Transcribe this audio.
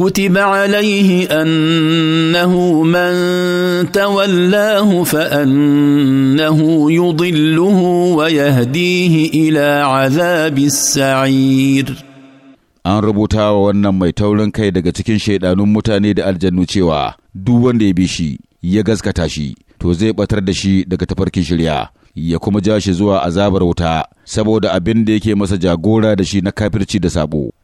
كتب عليه أنه من تولاه فأنه يضله ويهديه إلى عذاب السعير an rubuta wa wannan mai taurin kai daga cikin shaidanun mutane da aljannu cewa duk wanda ya bi shi ya gaskata shi to zai batar da shi daga tafarkin shirya ya kuma ja shi zuwa azabar wuta saboda abin da yake masa jagora da shi na kafirci da sabo